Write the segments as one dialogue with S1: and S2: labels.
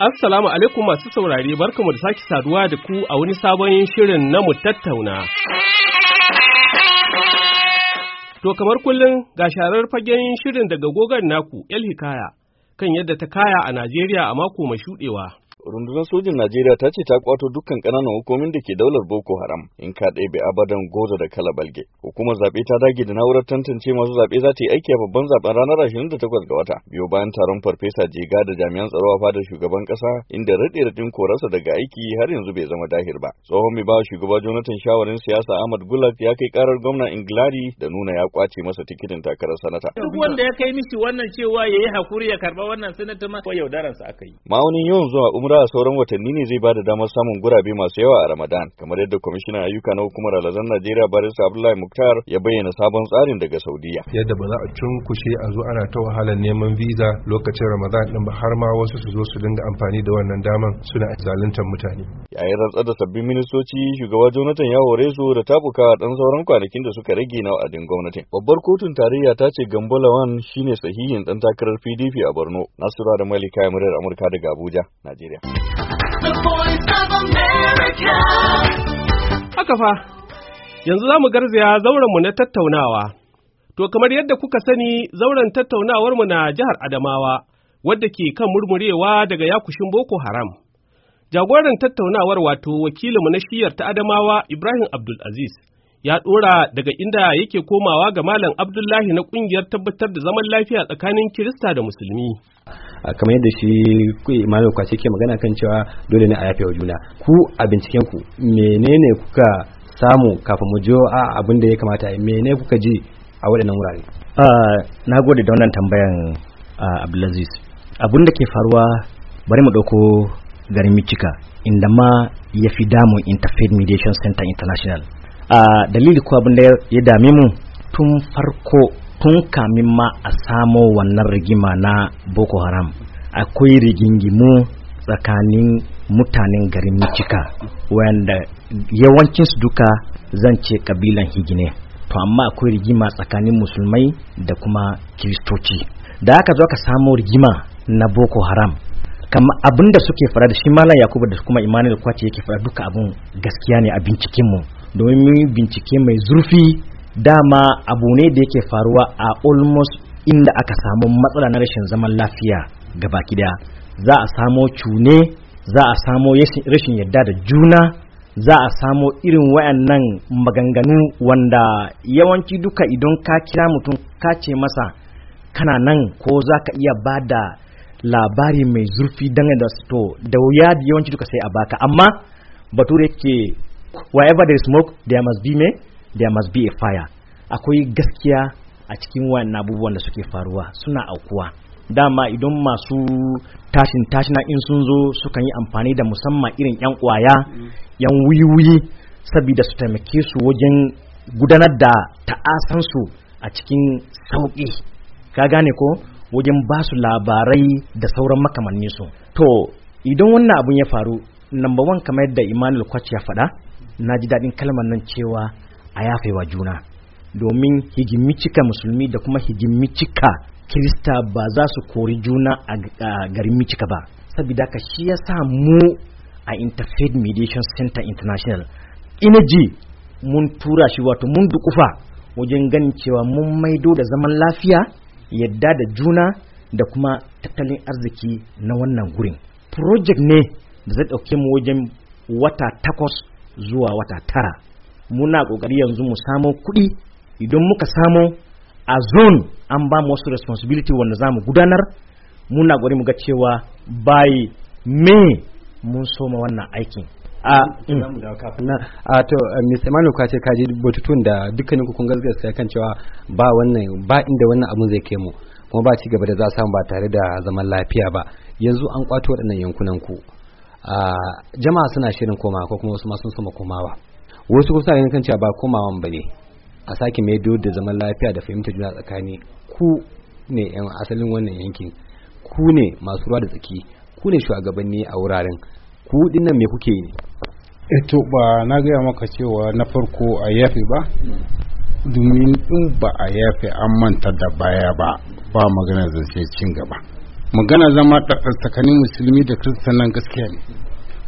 S1: Assalamu alaikum masu saurari, barkamu da sake saduwa da ku a wani sabon shirin na mu tattauna. To kamar kullum ga sharar fagen shirin daga gogar naku El Hikaya kan yadda ta kaya a Najeriya a mako mai shuɗewa. rundunar sojin Najeriya
S2: ta ce ta kwato dukkan ƙananan hukumomin da ke daular Boko Haram in ka ɗebe abadan goza da kala balge. Hukumar zaɓe ta dage da na'urar tantance masu zaɓe za ta yi aiki a babban zaɓen ranar 28 ga wata. Biyo bayan taron farfesa Jega da jami'an tsaro a fadar shugaban ƙasa inda raɗe raɗin korarsa daga aiki har yanzu bai zama dahir ba. Tsohon mai bawa shugaba Jonathan shawarin siyasa Ahmad Gulak ya kai karar gwamna Inglari da nuna ya kwace masa tikitin takarar sanata. Duk wanda
S1: ya kai mishi wannan cewa ya yi hakuri ya karɓa wannan sanata ma yaudararsa aka yi.
S2: Ma'aunin yawan zuwa umar umra a sauran watanni ne zai ba da damar samun gurabe masu yawa a Ramadan kamar yadda kwamishinan ayyuka na hukumar alazan Najeriya Baris Abdullahi Muktar ya bayyana sabon tsarin daga Saudiya.
S3: Yadda ba za a cunkushe a zo ana ta wahalar neman visa lokacin Ramadan din ba har ma wasu su zo su dinga amfani da wannan daman suna zaluntar
S4: mutane.
S2: Yayin rantsar da sabbin ministoci shugaba Jonathan ya hore su da tabuka dan sauran kwanakin da suka rage na wa'adin gwamnatin. Babbar kotun tarayya ta ce Gambo Lawan shine sahihin dan takarar PDP a Borno. Nasura da Malika Yamirar Amurka daga Abuja, Najeriya.
S1: Haka fa, yanzu za mu garzaya zaurenmu na tattaunawa. To, kamar yadda kuka sani, zauren tattaunawarmu na jihar Adamawa, wadda ke kan murmurewa daga yakushin Boko Haram. Jagoran tattaunawar wato wakilinmu na shiyar ta Adamawa Ibrahim Abdulaziz ya ɗora daga inda yake komawa ga Malam Abdullahi na ƙungiyar tabbatar da zaman lafiya tsakanin Kirista da Musulmi.
S5: kamar yadda shi Malam Kwace ke magana kan cewa dole ne a yafe wa juna. Ku a binciken ku menene kuka samu kafin mu jiyo a abin da ya kamata a menene kuka ji
S6: a waɗannan wurare? Na gode da wannan tambayan Abdulaziz. Abin da ke faruwa bari mu ɗauko garin Michika inda ma ya fi damun Interfaith Mediation Center International. a dalili ko abin da ya dame mu tun farko tun kamin ma a samo wannan rigima na boko haram akwai rigingimu tsakanin mutanen garin micika wanda yawancinsu duka zan ce kabilan higine to amma akwai rigima tsakanin musulmai da kuma kiristoci da aka zo ka samo rigima na boko haram kamar abin da suke fara da shi malam yakubu da kuma imanin kwace yake fara duka abin gaskiya ne a mu. domin bincike mai zurfi dama abu ne da yake faruwa a almost inda aka samu matsala na rashin zaman lafiya ga baki daya za a samo cune za a samo rashin yadda da juna za a samo irin wayannan maganganu wanda yawanci duka idan ka kira mutum ka ce masa kana nan ko za ka iya ba da labari mai zurfi dangane da to da wuya yawanci duka sai a baka amma bature ke wherever there is smoke there must be me there must be a fire akwai gaskiya a cikin wayan abubuwan da suke faruwa suna aukuwa dama idan masu tashin tashina in sun zo sukan yi amfani da musamman irin yan kwaya yan wuyi saboda su taimake su wajen gudanar da ta'asansu a cikin sauƙi ka gane ko wajen ba su labarai da sauran makamanni su to idan wannan abun ya faru number one kamar yadda imanul kwaci ya faɗa na ji daɗin kalmar nan cewa a yafewa juna domin higimicika musulmi da kuma higimicika kirista ba za su kori juna a garin micika ba saboda ka shi ya sa mu a interfaith mediation center international inaji mun tura shi wato mun dukufa wajen ganin cewa mun maido da zaman lafiya yadda da juna da kuma tattalin arziki na wannan gurin project ne da zai ɗauke mu wajen wata takwas zuwa wata tara muna kokari yanzu mu samo kuɗi idan muka samo a zone an ba mu wasu responsibility wanda za mu gudanar muna gwari mu ga cewa bai me mun soma wannan aikin a to Mr. Eh, manu ka ce ka batutun da
S5: dukkanin ku kun gaskiya kan cewa ba wannan ba inda wannan abun zai kai mu kuma ba ci gaba da za samu ba tare da zaman lafiya ba yanzu an kwato waɗannan yankunan ku Ah, jama'a suna shirin komawa ko kuma wasu ma sun komawa wasu kusa ganin kan cewa ba komawan ba ne a sake mai da zaman lafiya da fahimtar juna tsakani ku ne yan asalin wannan
S3: yankin ku ne masu ruwa da tsaki ku ne
S5: shugabanni a wuraren ku din
S3: nan me kuke yi eto ba na gaya maka cewa na farko a yafe ba domin in ba a yafe an manta da baya ba ba magana zance cin gaba magana zama tsakanin musulmi da kristanan gaskiya ne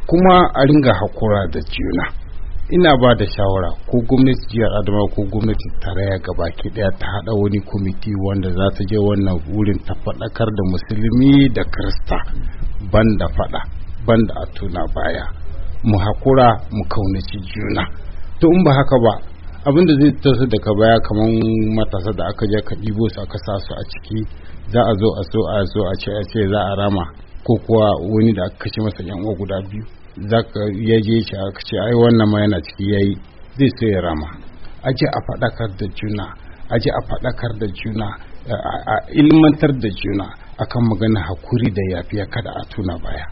S3: kuma a ringa hakura da juna ina ba da shawara ko gwamnati jihar adama ko gwamnati tarayya baki daya ta hada wani kwamiti wanda za ta je wannan wurin ta faɗakar da musulmi da krista banda faɗa banda a tuna baya mu hakura mu kaunaci juna to in ba haka ba abin da zai taso daga baya kamar matasa da aka je ka ɗibo su aka sa su a ciki za a zo a so a so a ce a ce za a rama ko kuwa wani da aka kashe masa yan uwa guda biyu za ka ya je shi aka ce ai wannan ma yana ciki yayi zai so ya rama a ce a faɗakar da juna a ce a faɗakar da juna a ilmantar da juna akan magana hakuri da yafiya kada a tuna baya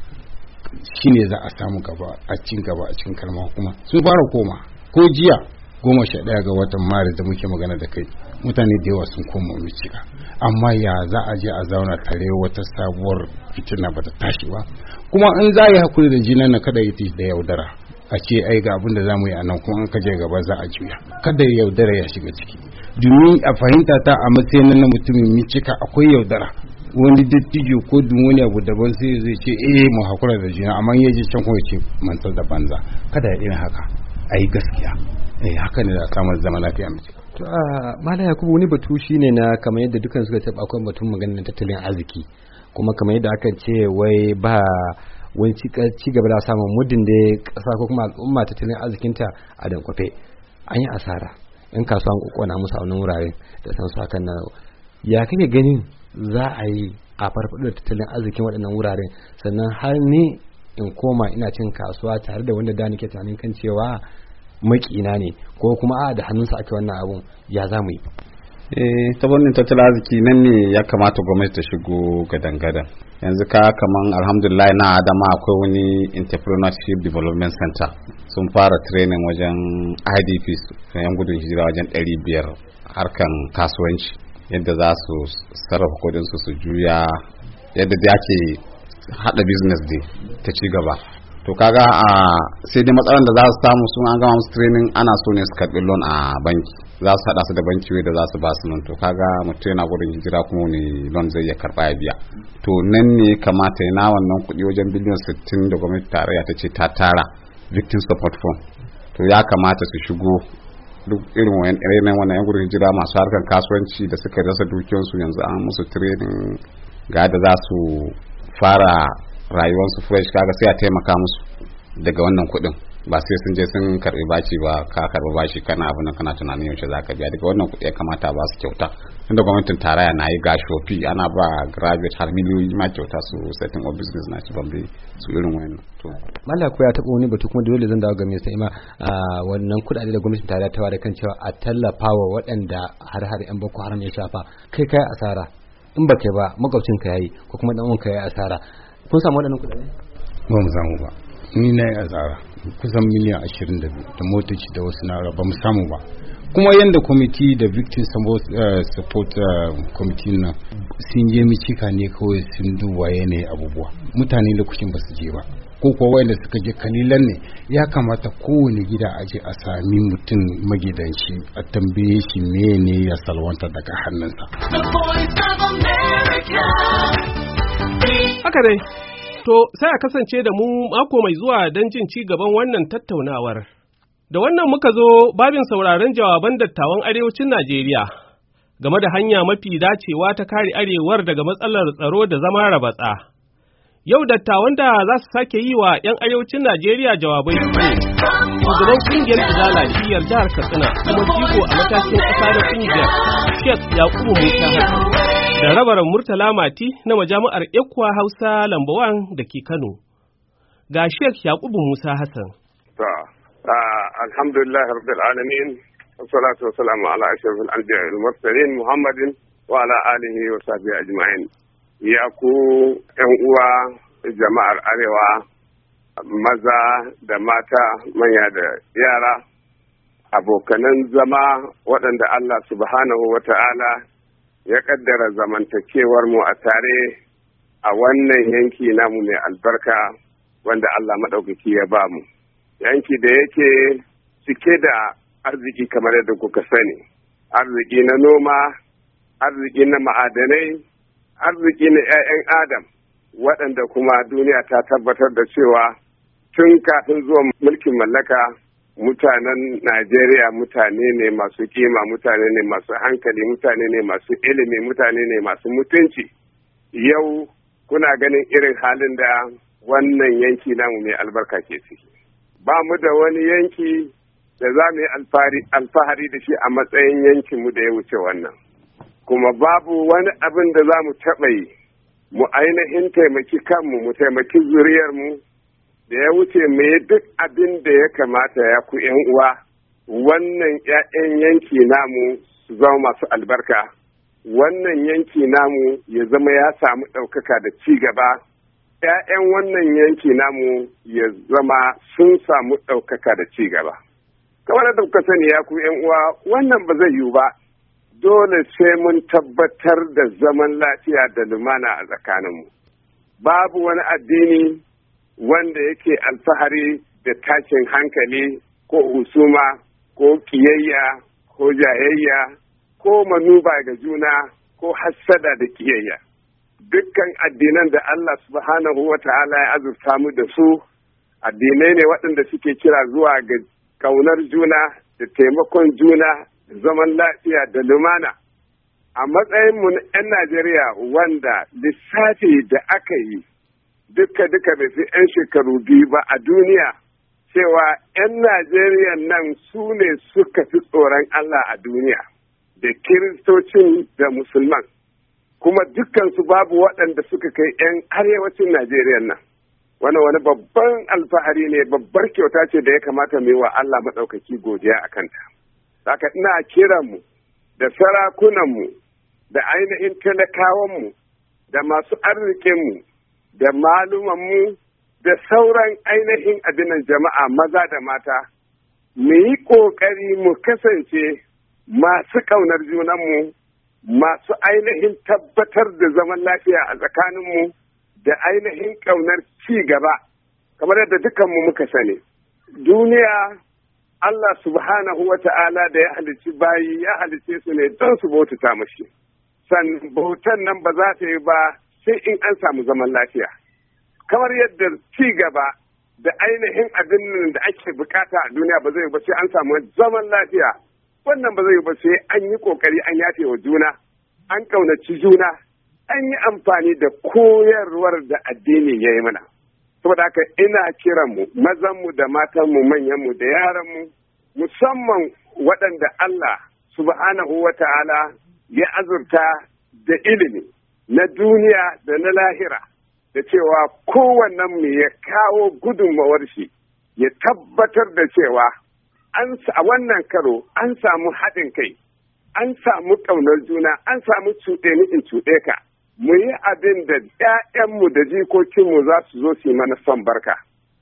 S3: shine za a samu gaba a cin gaba a cikin kalma kuma su fara koma ko jiya goma sha ɗaya ga watan maris da muke magana da kai mutane da yawa sun koma micika amma ya za a je a zauna tare wata sabuwar fitina ba ta tashi ba kuma in za a yi hakuri da jinan na kada yi da yaudara a ce ai ga abin da za mu yi a nan kuma an ka gaba za a juya kada yaudara ya shiga ciki domin a fahimta ta a matsayin na mutumin micika akwai yaudara wani dattijo ko dun wani abu daban sai zai ce eh mu hakura da juna amma yaje can kuma ya ce mantar da banza kada irin haka ai gaskiya eh haka ne da samun zaman lafiya mace
S5: to a mala yakubu wani batu shine na kamar yadda dukan suka taba akwai batun maganar tattalin arziki kuma kamar yadda aka ce wai ba wani ci gaba da samun muddin da kasa ko kuma al'umma tattalin arzikinta a dankwafe an yi asara in kasuwan kokona musu a wani wurare da san su na ya kake ganin za a yi a farfaɗo da tattalin arzikin waɗannan wurare sannan har ni in koma ina cin kasuwa tare da wanda da nake tunanin kan cewa makina ne ko kuma a da hannunsa ake wannan abun ya za mu yi
S7: eh ta wannan tattalin arziki nan ne ya kamata gwamnati ta shigo gadan-gadan yanzu ka kaman alhamdulillah na adama akwai wani entrepreneurship development center sun fara training wajen idps yan gudun hijira wajen 500 harkan kasuwanci yadda za su sarrafa kudinsu su juya yadda da ake hada business day ta ci gaba to kaga a sai dai matsalar da za su samu sun an gama musu training ana so ne su karbi loan a banki za su hada su da banki da za su ba su nan to kaga mutum yana gurin hijira kuma ne loan zai iya karba ya biya to nan ne kamata na wannan kuɗi wajen biliyan sittin da gwamnati tarayya ta ce ta tara victim support fund to ya kamata su shigo duk irin wayan wannan yan gurin hijira masu harkar kasuwanci da suka rasa dukiyansu yanzu an musu training ga da za su fara rayuwarsu fresh kaga sai a taimaka musu daga wannan kuɗin ba sai sun je sun karbi bashi ba ka karbi bashi kana abin nan kana tunanin yaushe za ka biya daga wannan kuɗi ya kamata ba su kyauta inda gwamnatin tarayya na yi gashofi ana ba graduate har miliyoyi ma kyauta su setting of business na ci bambe su irin wayan to
S5: mala ko ya taɓa wani batu kuma dole zan dawo ga mai sai ma wannan kuɗaɗe da gwamnatin tarayya ta ware kan cewa a wa waɗanda har har yan boko haram ya shafa kai kai asara in ba kai ba makwabcin ka
S3: yayi ko kuma dan uwan ka yayi asara kun samu waɗannan kuɗaɗe ba mu samu ba ni na yi azara kusan miliyan ashirin da biyu da motoci da wasu na ba mu samu ba kuma yadda kwamiti da victim support committee eh, eh, na sun je cika ne kawai sun duba yanayi abubuwa mutane lokacin ba su je ba ko kuwa wayanda suka je kalilan ne ya kamata kowane gida a je a sami mutum magidanci a tambaye
S1: shi ne ya salwanta daga hannunsa. The voice of America. Haka dai, to sai a kasance da mu mako mai zuwa don jin ci gaban wannan tattaunawar. Da wannan muka zo babin sauraron jawaban dattawan arewacin Najeriya game da hanya mafi dacewa ta kare arewar daga matsalar tsaro da zama rabatsa. Yau dattawan da za su sake yi wa 'yan arewacin Najeriya jawabai ne, shugaban ƙungiyar Izala shiyar jihar Katsina kuma jigo a matashin ƙasa da ƙungiyar ya Yakubu Musa Hassan. da rabaran Murtala Mati na majami'ar Ekwa Hausa Lambawan da ke Kano. Ga Sheikh Yakubu Musa Hassan.
S8: Alhamdulillah Rabbil Alamin, wa salamu ala ashrafil anbiya wal mursalin Muhammadin wa ala alihi wa sahbihi ajma'in. Ya ku ƴan uwa jama'ar Arewa maza da mata manya da yara abokanan zama waɗanda Allah subhanahu wa ta'ala ya kaddara zamantakewar mu a tare a wannan yanki namu mai albarka wanda Allah maɗaukaki ya ba mu. Yanki da yake cike da arziki kamar yadda kuka sani, arziki na noma, arziki na ma'adanai, arziki na 'ya'yan Adam, waɗanda kuma duniya ta tabbatar da cewa tun kafin zuwa mulkin mallaka mutanen Najeriya mutane ne masu kima mutane ne masu hankali mutane ne masu ilimi mutane ne masu mutunci yau kuna ganin irin halin da wannan yanki namu mai albarka ke ciki ba mu da wani yanki da za mu yi alfahari da shi a matsayin yankinmu da ya wuce wannan kuma babu wani abin da za mu taɓa yi mu ainihin taimaki kanmu mu taimaki zuriyarmu da ya wuce me duk abin da ya kamata ya ku yan uwa wannan 'ya'yan yanki namu su zama masu albarka wannan yanki namu ya zama ya samu ɗaukaka da ci gaba ‘ya'yan wannan yanki namu ya zama sun samu ɗaukaka da ci gaba. Kamar da kuka sani ya ku uwa wannan ba zai yiwu ba, dole sai mun tabbatar da zaman lafiya da lumana a tsakaninmu. Babu wani addini wanda yake alfahari da tashin hankali ko husuma ko kiyayya ko jayayya ko manuba ga juna ko hassada da kiyayya dukkan addinan da Allah subhanahu wa ta'ala ya azurta mu da su addinai ne waɗanda suke kira zuwa ga kaunar juna da taimakon juna da zaman lafiya da lumana a matsayinmu na 'yan Najeriya wanda lissafi da aka yi duka duka bai fi 'yan shekaru biyu ba a duniya cewa 'yan Najeriya nan su ne suka fi tsoron Allah a duniya da kiristocin da musulman kuma dukkansu babu waɗanda suka kai 'yan arewacin Najeriya nan wani wani babban alfahari ne babbar kyauta ce da ya kamata mu wa Allah maɗaukaki godiya a kanta. Saka ina kiran mu da sarakunanmu da ainihin talakawanmu da masu arzikinmu da malumanmu da sauran ainihin adinan jama'a maza da mata mu yi ƙoƙari mu kasance masu ƙaunar junanmu masu ainihin tabbatar da zaman lafiya a tsakaninmu da ainihin ƙaunar ci gaba kamar yadda dukanmu muka sani duniya Allah subhanahu wa ta'ala da ya halicci bayi ya halicce su ne don su baututa mashi sannan bautan nan ba za ta yi ba sai in an samu zaman lafiya kamar yadda ci gaba da ainihin abin da ake bukata a duniya ba zai ba sai an samu zaman lafiya wannan ba zai ba sai an yi kokari an yafe wa juna an kaunaci juna an yi amfani da koyarwar da addini ya yi mana saboda haka ina kiranmu mazanmu da matanmu manyanmu da yaranmu musamman waɗanda Allah subhanahu wa ta'ala ya azurta da ilimi na duniya da na lahira da cewa kowannen mu ya kawo gudunmawar shi ya tabbatar da cewa a wannan karo an samu haɗin kai an samu ƙaunar juna an samu cuɗe ni in cuɗe ka mu yi abin da ‘ya'yanmu da jikokinmu za su zo su yi mana son barka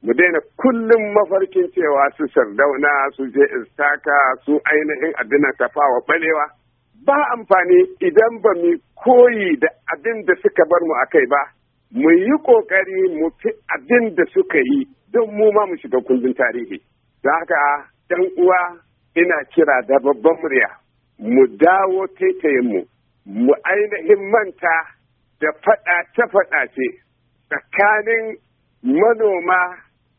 S8: mu daina kullum mafarkin cewa su sardauna su je istaka su ainihin abin abinan tafawa balewa ba amfani idan ba mu koyi da abin da suka bar mu a kai ba mu yi ƙoƙari mu fi abin da suka yi don mu ma mu shiga kundin tarihi da haka Dan uwa ina kira da babban murya mu dawo taitayin mu mu ainihin manta da faɗace-faɗace tsakanin manoma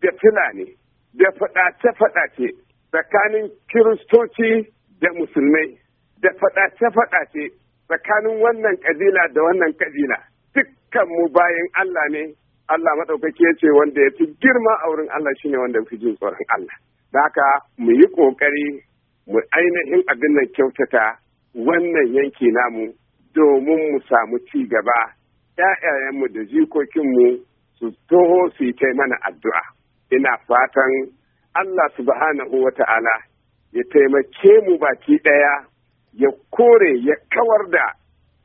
S8: da fulani da faɗace-faɗace tsakanin kiristoci da musulmai da faɗace-faɗace tsakanin wannan kabila da wannan kabila dukkan mu bayan Allah ne Allah maɗaukaki ya ce wanda ya fi girma a wurin Allah shine wanda fi jin tsoron Allah da haka mu yi ƙoƙari mu ainihin abin nan kyautata wannan yanki namu domin mu samu ci gaba ‘ya'yayenmu da jikokinmu su toho su yi mana addu'a ina fatan Allah subhanahu wa ta'ala ya taimake mu baki ɗaya ya kore ya kawar da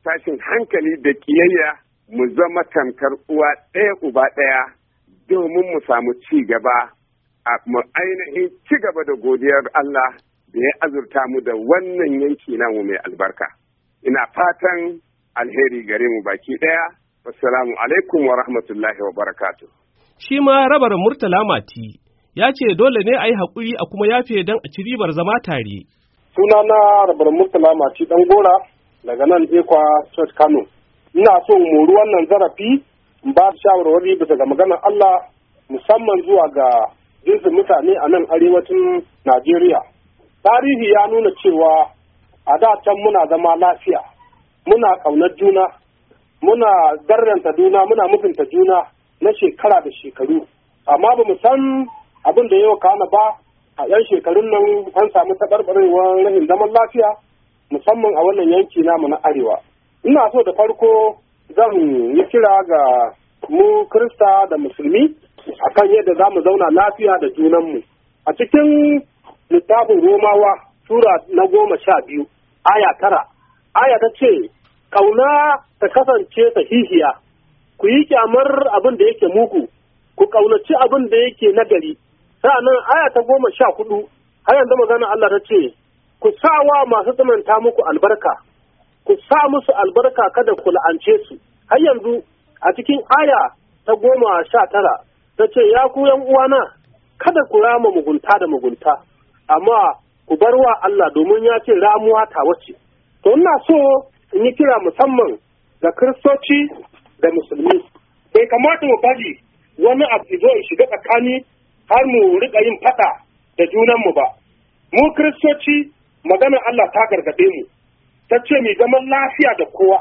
S8: tashin hankali da kiyayya mu zama tamkar uwa ɗaya uba ɗaya domin mu samu ci gaba mu ainihin ci gaba da godiyar Allah da ya azurta mu da wannan yanki namu mai albarka. Ina fatan alheri gare mu baki ɗaya. Wassalamu alaikum wa rahmatullahi wa barakatu.
S1: Shi ma rabar Murtala Mati ya ce dole ne a yi haƙuri a kuma yafe don a ci ribar zama tare.
S4: suna na rabar murtala maci dan gora daga nan ekwa church kano ina so moru wannan zarafi in ba da shawarwari bisa ga maganar allah musamman zuwa ga jinsin mutane a nan arewacin najeriya tarihi ya nuna cewa a da can muna zama lafiya muna ƙaunar juna muna darranta juna muna mutunta juna na shekara da shekaru amma ba mu san abin da yau kana ba a 'yan shekarun nan an samu taɓarɓarewar rahin zaman lafiya musamman a wannan yanki namu na arewa ina so da farko zan yi kira ga mu krista da musulmi akan yadda za mu zauna lafiya da junanmu a cikin littafin romawa tura na goma sha biyu aya tara aya ta ce ƙauna ta kasance sahihiya ku yi kyamar abin da yake mugu ku ƙaunaci abin da yake nagari sa'annan aya ta goma sha hudu har yanzu maganar Allah ta ce ku sa wa masu tsananta muku albarka ku sa musu albarka kada ku la'ance su har yanzu a cikin aya ta goma sha tara ta ce ya ku yan uwana kada ku rama mugunta da mugunta amma ku bar wa Allah domin ya ce ramuwa ta wace to ina so in yi kira musamman ga kiristoci da musulmi bai kamata mu bari wani abu zo shiga tsakani har mu rika yin faɗa da junanmu ba mu kiristoci maganar Allah ta gargaɗe mu ta ce mu zaman lafiya da kowa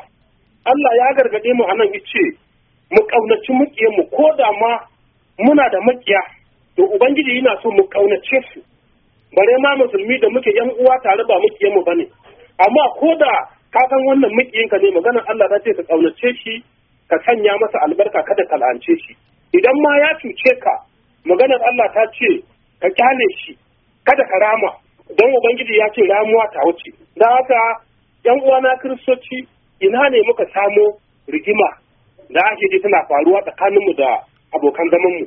S4: Allah ya gargaɗe mu anan ce mu ƙaunaci muƙiyanmu ko da ma muna da maƙiya to ubangiji yana so mu ƙaunace su bare ma musulmi da muke yan uwa tare ba muƙiyanmu ne. amma ko da ka san wannan muƙiyanka ne maganar Allah ta ce ka ƙaunace shi ka sanya masa albarka kada ka la'ance shi idan ma ya cuce ka maganar Allah ta ce ka kyale shi kada ka rama don ubangiji ya ce ramuwa ta wuce da haka yan uwana kiristoci ina ne muka samo rigima da ake ji tana faruwa tsakaninmu da abokan zamanmu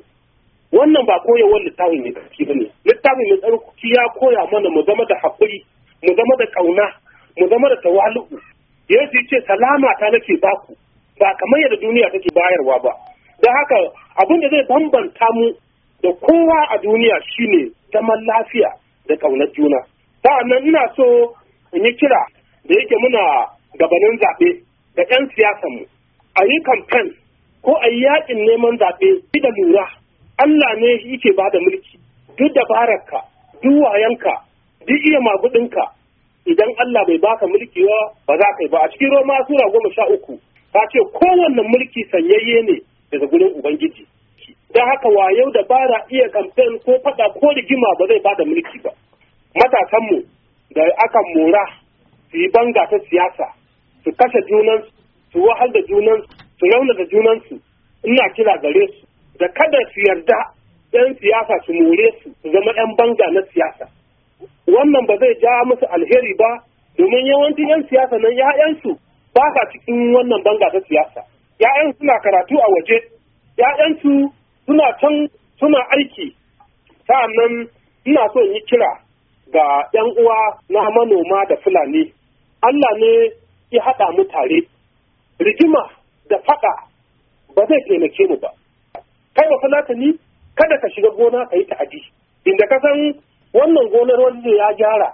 S4: wannan ba koyawar littafin mai tsarki ba ne littafin mai tsarki ya koya mana mu zama da haƙuri mu zama da ƙauna mu zama da tawalu'u yesu ce salama ta nake baku ba kamar yadda duniya take bayarwa ba don haka abin da zai bambanta mu da kowa a duniya shine zaman lafiya da ƙaunar juna sa'annan ina so in yi kira da yake muna gabanin zaɓe da 'yan siyasanmu a yi kamfen ko a yi yaƙin neman zaɓe da lura Allah ne yake ba da mulki duk dabararka duk wayanka duk iya magudinka idan Allah bai baka mulki wa ba za ka yi ba a cikin Roma sura goma sha uku ta ce kowanne mulki sanyayye ne daga gurin Ubangiji don haka wayau da bara iya kamfen ko faɗa ko rigima ba zai bada mulki ba matasanmu da aka mora su yi banga ta siyasa su kashe junansu su wahal da junan su rauna da junansu ina kira gare su da kada su yarda yan siyasa su more su su zama yan banga na siyasa wannan ba zai ja musu alheri ba domin yawancin yan siyasa nan ya'yansu ba sa cikin wannan banga ta siyasa ya'yan suna karatu a waje ya'yansu suna can suna aiki sa'annan ina so yi kira ga 'yan uwa na manoma da fulani Allah ne ya haɗa mu tare rigima da faɗa ba zai taimake mu ba kai ba ni kada ka shiga gona ka yi ta'adi inda ka san wannan gonar wanda ya gyara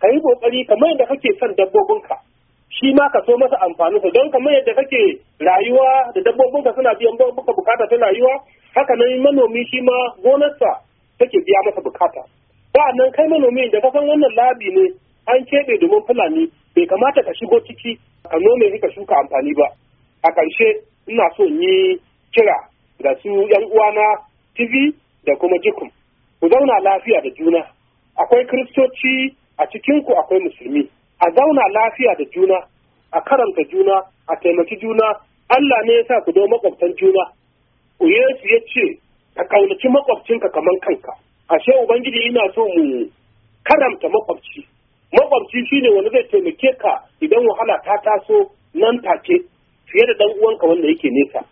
S4: ka yi kokari kamar yadda kake son dabbobinka shi ma ka so masa amfani su don kamar yadda kake rayuwa da dabbobinka suna biyan baka bukata ta rayuwa haka nan manomi shi ma gonarsa take biya masa bukata nan kai manomi da kasan wannan labi ne an keɓe domin fulani bai kamata ka shigo ciki ka nome ka shuka amfani ba a ƙarshe ina so yi kira ga su yan uwana tv da kuma jikum ku zauna lafiya da juna akwai kiristoci a cikinku akwai musulmi a zauna lafiya da juna a karanta juna a taimaki juna Allah ne ya sa ku zo makwabtan juna Yesu ya ce ka kaunaci makwabcinka kamar kanka ashe ubangiji ina so mu karanta makwabci makwabci shine wani zai taimake ka idan wahala ta taso nan take fiye da dan uwanka wanda yake nesa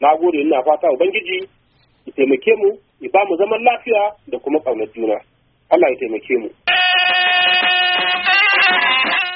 S4: na gode ina fata ubangiji ya taimake mu ya ba mu zaman lafiya da kuma ƙaunar juna Allah ya taimake mu